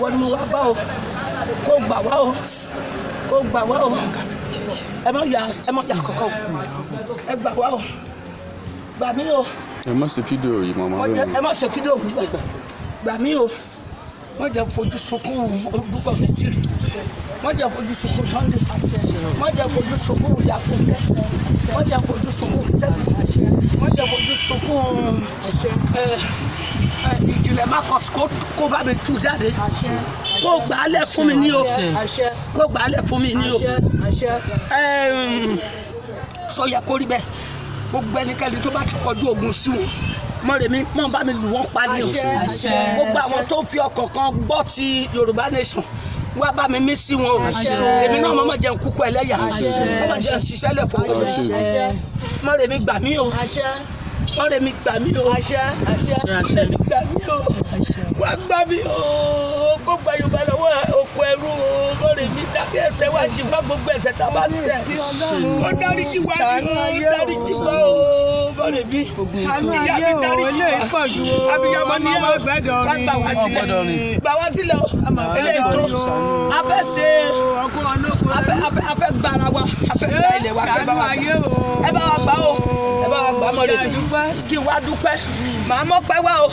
wọ́n ni mo wá bá o kó gbà wá o kó gbà wá o ẹ má yà ẹ má yà kọ̀kọ̀ o ẹ gbà wá o gbà mí o. ẹ má ṣe fídíò yìí màmá lónìí. ẹ má ṣe fídíò yìí màmá gbà mí o wọ́n jẹ́ fojú sunkún olùdókọ̀ fìtìrì wọ́n jẹ́ fojú sunkún sunday wọ́n jẹ́ fojú sunkún yafunbẹ́ wọ́n jẹ́ fojú sunkún sẹ́gun wọ́n jẹ́ fojú sunkún ẹ̀. Eh, ìjìnlẹ̀ Marcus kó bá mi tú jáde kó gbàálẹ̀ fún mi ní o kó gbàálẹ̀ fún mi ní o sọ yẹ kó rí bẹ́ẹ̀ gbogbo ẹnikẹ́ni tó bá ti kọjú ogun sí wọn mọ̀rẹ̀mí mọ̀ bá mi lù wọ́n pa ní o gbogbo àwọn tó fi ọkọ̀ kan gbọ́ ti Yorùbá nation wá bá mi mí sí wọn o èmi náà mọ̀mọ́ jẹun kúkú ẹlẹ́yà mọ̀mọ́ jẹun ṣiṣẹ́ lẹ̀ fún wọn mọ̀rẹ̀mí gbà mí o ọ̀rẹ́ mi gbà mí o àṣẹ àṣẹ ọ̀rẹ́ mi gbà mí o wá gbà mí o kó gba yorùbá lọ́wọ́ oko ẹrú o ọ̀rẹ́ mi dákẹ́ ẹ̀ṣẹ̀ wá jì wá gbogbo ẹ̀ṣẹ̀ tá a bá ṣẹ̀ kó dárí jì wá ní o dárí jì wá o ọ̀rẹ́ mi ìyá mi dárí jì wá abiyamọ ni ẹ o ká gbà wá sílẹ̀ gbà wá sílẹ̀ o eléyìí tó a fẹ́ ṣe a fẹ́ gbára wa a fẹ́ gbá ilẹ̀ wa kẹ́ bá wa ẹ bá wa gbá o ọmọlẹ́kùn kí n wá dúpẹ́ màá mọ́ pẹ́ wá o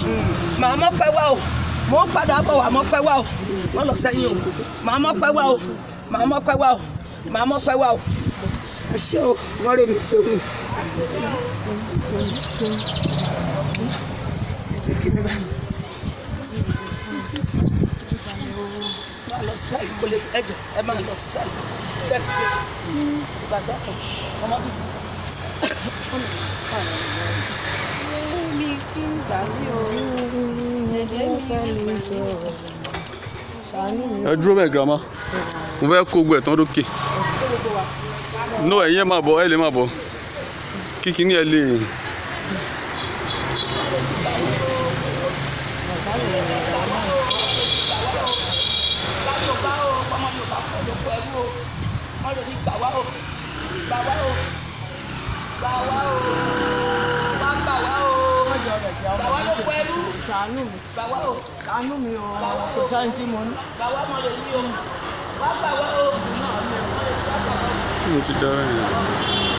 màá mọ́ pẹ́ wá o mò ń padà bọ̀ wà mọ́ pẹ́ wá o mọ́ lọ sẹ́yìn o màá mọ́ pẹ́ wá o màá mọ́ pẹ́ wá o màá mọ́ pẹ́ wá o ẹ ṣé o wọ́n rè mí sóhun. sáì kò lè ẹjọ ẹ máa lọ sáì ṣẹ́ẹ̀tì ṣe ìbàdàn ọmọ bíbí. ẹ dúró bẹ́ẹ̀ girama mo fẹ́ kó gbẹ̀ tán lókè no ẹ̀yin ẹ̀ máa bọ̀ ẹ̀ lè máa bọ̀ kíkiní ẹ̀ lè. Bàbá o, ọmọ ṣàánú mi ṣàánú mi o kò sáyẹn tí mo ní. mo ti dára yẹn.